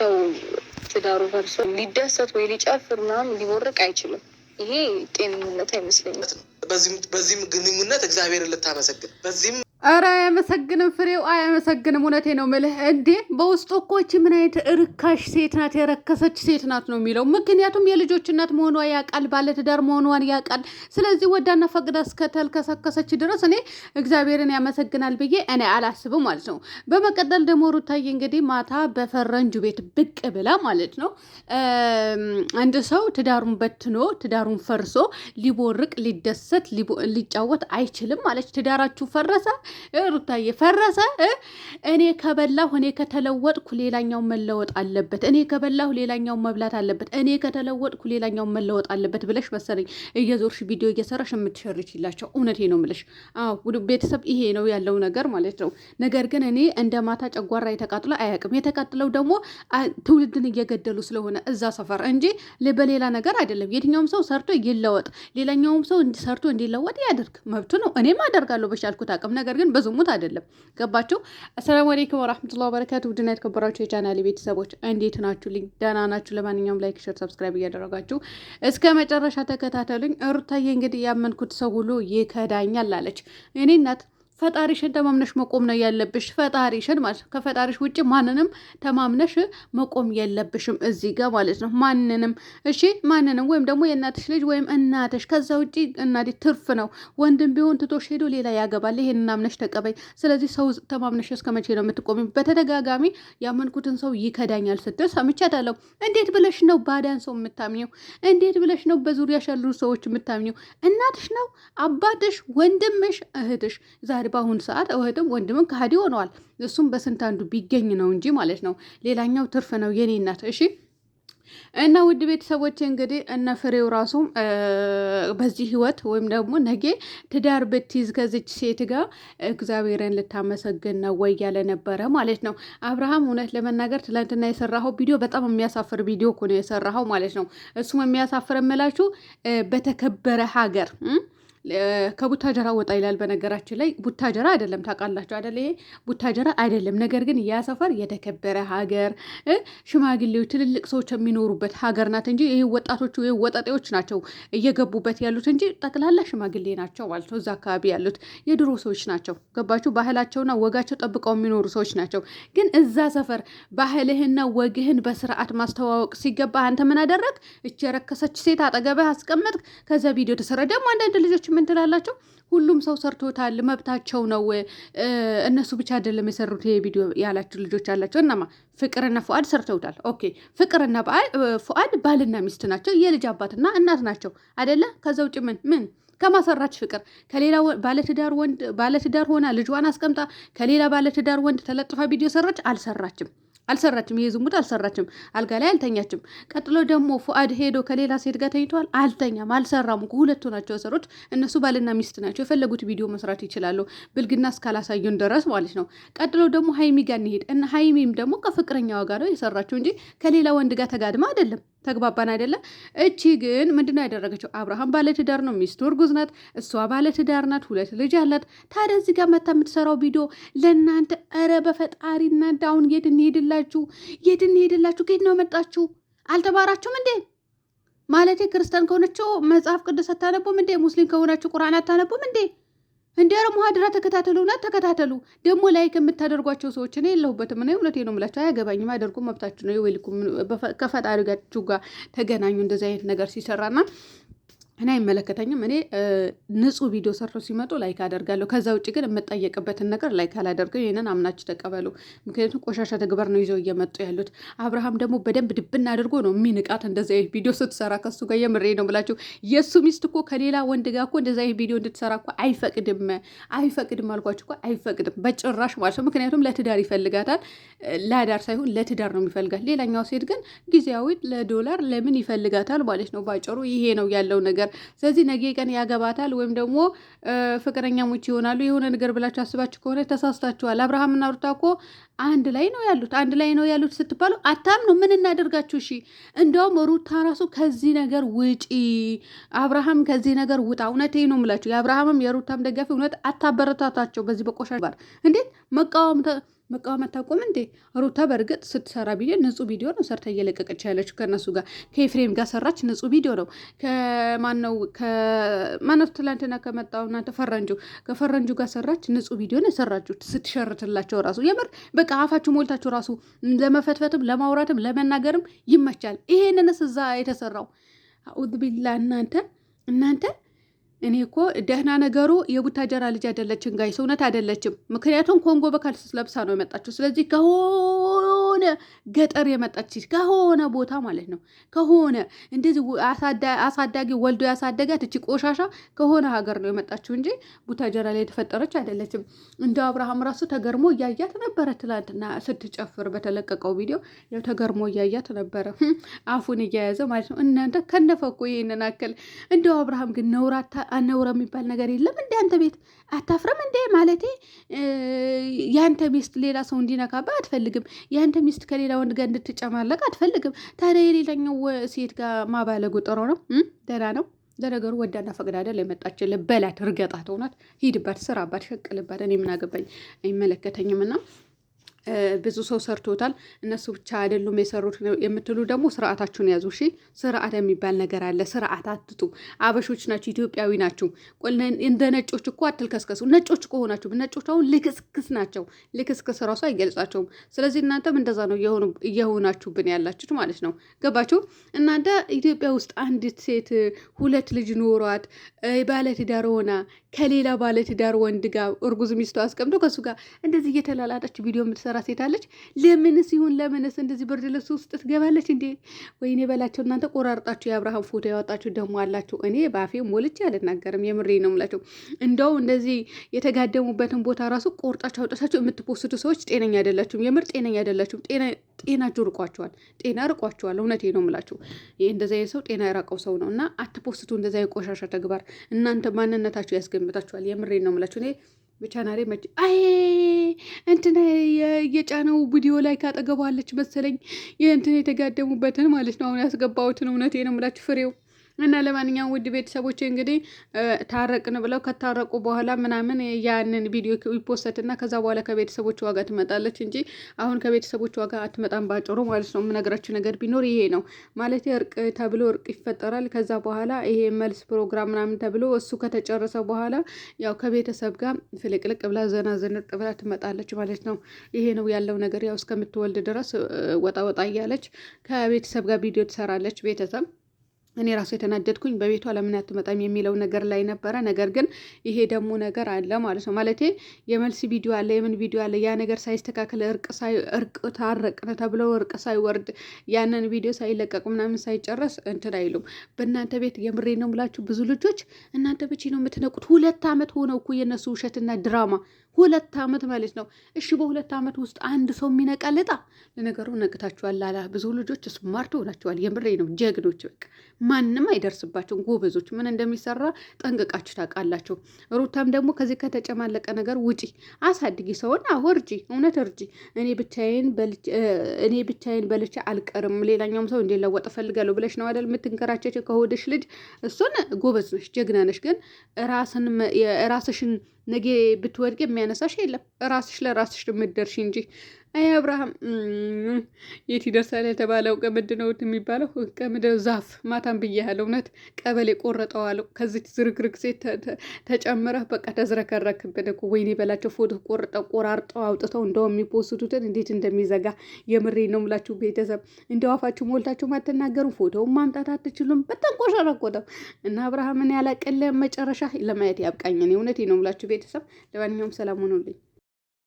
ሰው ትዳሩ ፈርሶ ሊደሰት ወይ ሊጨፍር ምናምን ሊቦርቅ አይችልም። ይሄ ጤንነት አይመስለኝም። በዚህም ግንኙነት እግዚአብሔር ልታመሰግን በዚህም ኧረ አያመሰግንም ፍሬው አያመሰግንም። እውነቴ ነው ምልህ እንዴ በውስጡ እኮች ምን አይነት እርካሽ ሴት ናት፣ የረከሰች ሴት ናት ነው የሚለው። ምክንያቱም የልጆች እናት መሆኗ ያውቃል፣ ባለትዳር መሆኗን ያውቃል። ስለዚህ ወዳና ፈቅዳ እስከተልከሰከሰች ድረስ እኔ እግዚአብሔርን ያመሰግናል ብዬ እኔ አላስብም ማለት ነው። በመቀጠል ደግሞ ሩታዬ እንግዲህ ማታ በፈረንጁ ቤት ብቅ ብላ ማለት ነው አንድ ሰው ትዳሩን በትኖ ትዳሩን ፈርሶ ሊቦርቅ ሊደሰት ሊጫወት አይችልም ማለች። ትዳራችሁ ፈረሰ ሩታዬ ፈረሰ። እኔ ከበላሁ እኔ ከተለወጥኩ ሌላኛው መለወጥ አለበት፣ እኔ ከበላሁ ሌላኛው መብላት አለበት፣ እኔ ከተለወጥኩ ሌላኛው መለወጥ አለበት ብለሽ መሰለኝ እየዞርሽ ቪዲዮ እየሰራሽ የምትሸርችላቸው። እውነቴ ነው የምልሽ። አዎ ቤተሰብ ይሄ ነው ያለው ነገር ማለት ነው። ነገር ግን እኔ እንደ ማታ ጨጓራ የተቃጥሎ አያውቅም። የተቃጥለው ደግሞ ትውልድን እየገደሉ ስለሆነ እዛ ሰፈር እንጂ በሌላ ነገር አይደለም። የትኛውም ሰው ሰርቶ ይለወጥ፣ ሌላኛውም ሰው ሰርቶ እንዲለወጥ ያደርግ መብቱ ነው። እኔም አደርጋለሁ በቻልኩት አቅም ነገር ግን በዝሙት አይደለም። ገባችሁ? አሰላሙ አለይኩም ወራህመቱላሂ ወበረካቱ። ውድና የተከበራችሁ የቻናሌ ቤተሰቦች እንዴት ናችሁልኝ? ደህና ናችሁ? ለማንኛውም ላይክ፣ ሼር፣ ሰብስክራይብ እያደረጋችሁ እስከ መጨረሻ ተከታተሉኝ። እሩታዬ እንግዲህ ያመንኩት ሰው ሁሉ ይከዳኛል አለች። እኔ እናት ፈጣሪሽን ተማምነሽ መቆም ነው ያለብሽ። ፈጣሪሽን ማለት ነው። ከፈጣሪሽ ውጭ ማንንም ተማምነሽ መቆም የለብሽም እዚህ ጋር ማለት ነው። ማንንም እሺ፣ ማንንም ወይም ደግሞ የእናትሽ ልጅ ወይም እናትሽ። ከዛ ውጭ እናቴ ትርፍ ነው። ወንድም ቢሆን ትቶሽ ሄዶ ሌላ ያገባል። ይሄን እናምነሽ ተቀበይ። ስለዚህ ሰው ተማምነሽ እስከ መቼ ነው የምትቆሚ? በተደጋጋሚ ያመንኩትን ሰው ይከዳኛል ስትል ሰምቻታለሁ። እንዴት ብለሽ ነው ባዳን ሰው የምታምኘው? እንዴት ብለሽ ነው በዙሪያሽ ያሉ ሰዎች የምታምኘው? እናትሽ ነው፣ አባትሽ፣ ወንድምሽ፣ እህትሽ ዛሬ በአሁኑ ሰዓት እህትም ወንድምም ከሀዲ ሆነዋል። እሱም በስንት አንዱ ቢገኝ ነው እንጂ ማለት ነው። ሌላኛው ትርፍ ነው የኔ እናት። እሺ እና ውድ ቤተሰቦች እንግዲህ እነ ፍሬው ራሱ በዚህ ህይወት ወይም ደግሞ ነጌ ትዳር ብትይዝ ከዚች ሴት ጋር እግዚአብሔርን ልታመሰግን ነው ወይ ያለ ነበረ ማለት ነው። አብርሃም እውነት ለመናገር ትላንትና የሰራኸው ቪዲዮ በጣም የሚያሳፍር ቪዲዮ እኮ ነው የሰራኸው ማለት ነው። እሱም የሚያሳፍር የምላችሁ በተከበረ ሀገር ከቡታጀራ ወጣ ይላል። በነገራችን ላይ ቡታጀራ አይደለም ታውቃላችሁ አይደለ? ይሄ ቡታጀራ አይደለም። ነገር ግን ያ ሰፈር የተከበረ ሀገር፣ ሽማግሌዎች፣ ትልልቅ ሰዎች የሚኖሩበት ሀገር ናት እንጂ ይህ ወጣቶቹ ወይ ወጠጤዎች ናቸው እየገቡበት ያሉት እንጂ ጠቅላላ ሽማግሌ ናቸው ማለት ነው። እዛ አካባቢ ያሉት የድሮ ሰዎች ናቸው። ገባችሁ? ባህላቸውና ወጋቸው ጠብቀው የሚኖሩ ሰዎች ናቸው። ግን እዛ ሰፈር ባህልህና ወግህን በስርዓት ማስተዋወቅ ሲገባ አንተ ምን አደረግ? እች የረከሰች ሴት አጠገበህ አስቀመጥክ። ከዛ ቪዲዮ ተሰራ ደግሞ አንዳንድ ልጆች ምን ትላላቸው? ሁሉም ሰው ሰርቶታል፣ መብታቸው ነው። እነሱ ብቻ አይደለም የሰሩት ቪዲዮ ያላችሁ ልጆች አላቸው። እናማ ፍቅርና ፉአድ ሰርተውታል። ኦኬ ፍቅርና ፉአድ ባልና ሚስት ናቸው፣ የልጅ አባትና እናት ናቸው አደለ? ከዛ ውጭ ምን ምን ከማሰራች ፍቅር ከሌላ ባለትዳር ወንድ ባለትዳር ሆና ልጇን አስቀምጣ ከሌላ ባለትዳር ወንድ ተለጥፋ ቪዲዮ ሰራች? አልሰራችም። አልሰራችም። ይሄ ዝሙት አልሰራችም። አልጋ ላይ አልተኛችም። ቀጥሎ ደግሞ ፉአድ ሄዶ ከሌላ ሴት ጋር ተኝተዋል። አልተኛም፣ አልሰራም። ሁለቱ ናቸው ሰሮች። እነሱ ባልና ሚስት ናቸው። የፈለጉት ቪዲዮ መስራት ይችላሉ፣ ብልግና እስካላሳዩን ድረስ ማለት ነው። ቀጥሎ ደግሞ ሀይሚ ጋር እንሄድ እና ሀይሚም ደግሞ ከፍቅረኛዋ ጋር ነው የሰራችው እንጂ ከሌላ ወንድ ጋር ተጋድማ አይደለም። ተግባባን አይደለ? እቺ ግን ምንድነው ያደረገችው? አብርሃም ባለትዳር ነው፣ ሚስቱ እርጉዝ ናት፣ እሷ ባለትዳር ናት፣ ሁለት ልጅ አላት። ታዲያ እዚህ ጋር መታ የምትሰራው ቪዲዮ ለእናንተ እረ በፈጣሪ እናንተ አሁን የት እንሄድላችሁ? የት እንሄድላችሁ? ከየት ነው መጣችሁ? አልተባራችሁም እንዴ? ማለቴ ክርስቲያን ከሆነችው መጽሐፍ ቅዱስ አታነቡም እንዴ? ሙስሊም ከሆናችሁ ቁርአን አታነቡም እንዴ? እንዲ ኧረ ሙሀድራ ተከታተሉ፣ እውነት ተከታተሉ። ደግሞ ላይ ከምታደርጓቸው ሰዎች እኔ የለሁበትም። እኔ እውነቴ ነው የምላቸው፣ አያገባኝም። አያደርጉም፣ መብታችሁ ነው። የወይልኩም ከፈጣሪ ጋችሁ ጋር ተገናኙ። እንደዚህ አይነት ነገር ሲሰራና እኔ አይመለከተኝም። እኔ ንጹህ ቪዲዮ ሰርተው ሲመጡ ላይክ አደርጋለሁ። ከዛ ውጭ ግን የምጠየቅበትን ነገር ላይክ አላደርገ ይህንን አምናችሁ ተቀበሉ። ምክንያቱም ቆሻሻ ተግባር ነው ይዘው እየመጡ ያሉት። አብርሃም ደግሞ በደንብ ድብና አድርጎ ነው የሚንቃት። እንደዚ ይህ ቪዲዮ ስትሰራ ከሱ ጋር የምሬ ነው ብላችሁ የእሱ ሚስት እኮ ከሌላ ወንድ ጋር እኮ እንደዚ ይህ ቪዲዮ እንድትሰራ እኮ አይፈቅድም፣ አይፈቅድም አልኳችሁ እኮ አይፈቅድም በጭራሽ ማለት ነው። ምክንያቱም ለትዳር ይፈልጋታል። ለዳር ሳይሆን ለትዳር ነው የሚፈልጋት። ሌላኛው ሴት ግን ጊዜያዊ ለዶላር ለምን ይፈልጋታል ማለት ነው። ባጭሩ ይሄ ነው ያለው ነገር ስለዚህ ነገ ቀን ያገባታል ወይም ደግሞ ፍቅረኛ ሙች ይሆናሉ የሆነ ነገር ብላችሁ አስባችሁ ከሆነ ተሳስታችኋል። አብርሃምና ሩታ እኮ አንድ ላይ ነው ያሉት። አንድ ላይ ነው ያሉት ስትባሉ ነው ምን እናደርጋችሁ? እሺ እንደውም ሩታ ራሱ ከዚህ ነገር ውጪ፣ አብርሃም ከዚህ ነገር ውጣ። እውነት ነው ምላችሁ፣ የአብርሃምም የሩታም ደጋፊ እውነት አታበረታታቸው በዚህ በቆሻ ባር እንዴት መቃወም መቃወም አታቆም እንዴ ሩታ? በእርግጥ ስትሰራ ብዬ ንጹህ ቪዲዮ ነው ሰርታ እየለቀቀች ያለችው ከእነሱ ጋር ከኤፍሬም ጋር ሰራች። ንጹህ ቪዲዮ ነው። ከማነው ከማነው ትላንትና ከመጣው እናንተ ፈረንጁ ከፈረንጁ ጋር ሰራች። ንጹህ ቪዲዮ ነው የሰራችሁ ስትሸርትላቸው ራሱ የምር በቃ አፋችሁ ሞልታችሁ ራሱ ለመፈትፈትም ለማውራትም ለመናገርም ይመቻል። ይሄንንስ እዛ የተሰራው አዑዝ ቢላ እናንተ እናንተ እኔ እኮ ደህና ነገሩ የቡታጀራ ልጅ አይደለችም ጋይ ሰውነት አይደለችም። ምክንያቱም ኮንጎ በካልስ ለብሳ ነው የመጣችው። ስለዚህ ከሆ ከሆነ ገጠር የመጣች ከሆነ ቦታ ማለት ነው ከሆነ እንደዚህ አሳዳጊ ወልዶ ያሳደጋት እቺ ቆሻሻ ከሆነ ሀገር ነው የመጣችው እንጂ ቡታጀራ ላይ የተፈጠረች አይደለችም። እንደ አብርሃም ራሱ ተገርሞ እያያት ነበረ። ትላንትና ስትጨፍር በተለቀቀው ቪዲዮ ያው ተገርሞ እያያት ነበረ፣ አፉን እያያዘ ማለት ነው። እናንተ ከነፈኩ ይህንን አክል እንደው አብርሃም ግን ነውር አነውረ የሚባል ነገር የለም። እንደ አንተ ቤት አታፍረም እንዴ? ማለቴ ያንተ ሚስት ሌላ ሰው እንዲነካባ አትፈልግም። ያንተ ሚስት ከሌላ ወንድ ጋር እንድትጨማለቅ አትፈልግም። ታዲያ የሌላኛው ሴት ጋር ማባለጉ ጥሩ ነው? ደህና ነው። ለነገሩ ወዳና ፈቅድ አይደል የመጣችን። በላት፣ እርገጣት፣ እውነት ሂድባት፣ ስራባት፣ ሸቅልባት። እኔ ምን አገባኝ? አይመለከተኝም እና ብዙ ሰው ሰርቶታል። እነሱ ብቻ አይደሉም የሰሩት የምትሉ ደግሞ ስርዓታችሁን ያዙ። እሺ ስርዓት የሚባል ነገር አለ። ስርዓት አትጡ። አበሾች ናችሁ፣ ኢትዮጵያዊ ናችሁ። እንደ ነጮች እኮ አትልከስከሱ። ነጮች ከሆናችሁ ነጮች አሁን ልክስክስ ናቸው። ልክስክስ ራሱ አይገልጻቸውም። ስለዚህ እናንተም እንደዛ ነው እየሆናችሁብን ያላችሁት ማለት ነው። ገባችሁ? እናንተ ኢትዮጵያ ውስጥ አንዲት ሴት ሁለት ልጅ ኖሯት ባለትዳር ሆና ከሌላ ባለትዳር ወንድ ጋር እርጉዝ ሚስቱ አስቀምጦ ከሱ ጋር እንደዚህ እየተላላጠች ቪዲዮ የምትሰራ የምትሰራ ሴታለች። ለምንስ ይሁን ለምንስ እንደዚህ ብርድ ልብስ ውስጥ ትገባለች እንዴ? ወይኔ በላቸው እናንተ ቆራርጣችሁ የአብርሃም ፎቶ ያወጣችሁ ደግሞ አላችሁ። እኔ ባፌ ሞልቼ አልናገርም። የምሬ ነው የምላቸው። እንደው እንደዚህ የተጋደሙበትን ቦታ ራሱ ቆርጣችሁ አውጣችሁ የምትፖስቱ ሰዎች ጤነኛ አይደላችሁም። የምር ጤነኛ አይደላችሁም። ጤናችሁ ርቋቸዋል። ጤና ርቋቸዋል። እውነቴ ነው የምላችሁ። ይህ እንደዚ ሰው ጤና የራቀው ሰው ነው እና አትፖስቱ እንደዚ ቆሻሻ ተግባር እናንተ ማንነታችሁ ያስገምታችኋል። የምሬ ነው የምላችሁ እኔ ብቻናሬ መች አይ እንትን የጫነው ቪዲዮ ላይ ካጠገቧለች መሰለኝ። ይህ እንትን የተጋደሙበትን ማለት ነው። አሁን ያስገባሁትን እውነቴ ነው የምላችሁ ፍሬው እና ለማንኛውም ውድ ቤተሰቦች እንግዲህ ታረቅን ብለው ከታረቁ በኋላ ምናምን ያንን ቪዲዮ እና ከዛ በኋላ ከቤተሰቦች ዋጋ ትመጣለች እንጂ አሁን ከቤተሰቦች ዋጋ አትመጣም። ባጭሩ ማለት ነው የምነግራችሁ ነገር ቢኖር ይሄ ነው ማለት እርቅ ተብሎ እርቅ ይፈጠራል። ከዛ በኋላ ይሄ መልስ ፕሮግራም ምናምን ተብሎ እሱ ከተጨረሰ በኋላ ያው ከቤተሰብ ጋር ፍልቅልቅ ብላ ዘና ዘንጥ ብላ ትመጣለች ማለት ነው። ይሄ ነው ያለው ነገር። ያው እስከምትወልድ ድረስ ወጣ ወጣ እያለች ከቤተሰብ ጋር ቪዲዮ ትሰራለች ቤተሰብ እኔ ራሱ የተናደድኩኝ በቤቷ ለምን አትመጣም የሚለው ነገር ላይ ነበረ። ነገር ግን ይሄ ደግሞ ነገር አለ ማለት ነው። ማለቴ የመልስ ቪዲዮ አለ፣ የምን ቪዲዮ አለ። ያ ነገር ሳይስተካከል እርቅ ታረቅነ ተብለው እርቅ ሳይወርድ ያንን ቪዲዮ ሳይለቀቅ ምናምን ሳይጨረስ እንትን አይሉም። በእናንተ ቤት የምሬ ነው ብላችሁ ብዙ ልጆች እናንተ ብቻ ነው የምትነቁት። ሁለት ዓመት ሆነው እኮ የእነሱ ውሸትና ድራማ ሁለት ዓመት ማለት ነው። እሺ በሁለት ዓመት ውስጥ አንድ ሰው የሚነቃልጣ ለነገሩ ነቅታችኋል። አላ ብዙ ልጆች ስማርት ሆናችኋል። የምሬ ነው። ጀግኖች በቃ ማንም አይደርስባቸውም። ጎበዞች፣ ምን እንደሚሰራ ጠንቅቃችሁ ታውቃላችሁ። ሩታም ደግሞ ከዚህ ከተጨማለቀ ነገር ውጪ፣ አሳድጊ ሰውን። አሁ እርጂ፣ እውነት እርጂ። እኔ ብቻዬን እኔ ብቻዬን በልቼ አልቀርም፣ ሌላኛውም ሰው እንዲለወጥ እፈልጋለሁ ብለሽ ነው አይደል የምትንከራቸች ከሆድሽ ልጅ። እሱን ጎበዝ ነሽ፣ ጀግና ነሽ። ግን ራስን ራስሽን ነገ ብትወድቅ የሚያነሳሽ የለም። ራስሽ ለራስሽ የምትደርሺ እንጂ አይ አብርሃም የት ይደርሳል የተባለው ቀምድ ነው የሚባለው ቀምድ ዛፍ ማታም ብያህል እውነት ቀበሌ ቆረጠዋል። ከዚች ዝርግርግ ሴት ተጨምረህ በቃ ተዝረከረክብን እኮ ወይኔ በላቸው ፎቶ ቆርጠው ቆራርጠው አውጥተው እንደው የሚፖስቱትን እንዴት እንደሚዘጋ የምሬ ነው ምላችሁ ቤተሰብ እንደው አፋችሁ ሞልታችሁ አትናገሩም፣ ፎቶውን ማምጣት አትችሉም። በጣም ቆሸረቆጠው እና አብርሃምን ያላቀለ መጨረሻ ለማየት ያብቃኝን። እውነቴ ነው ምላችሁ ቤተሰብ። ለማንኛውም ሰላም ሆኖልኝ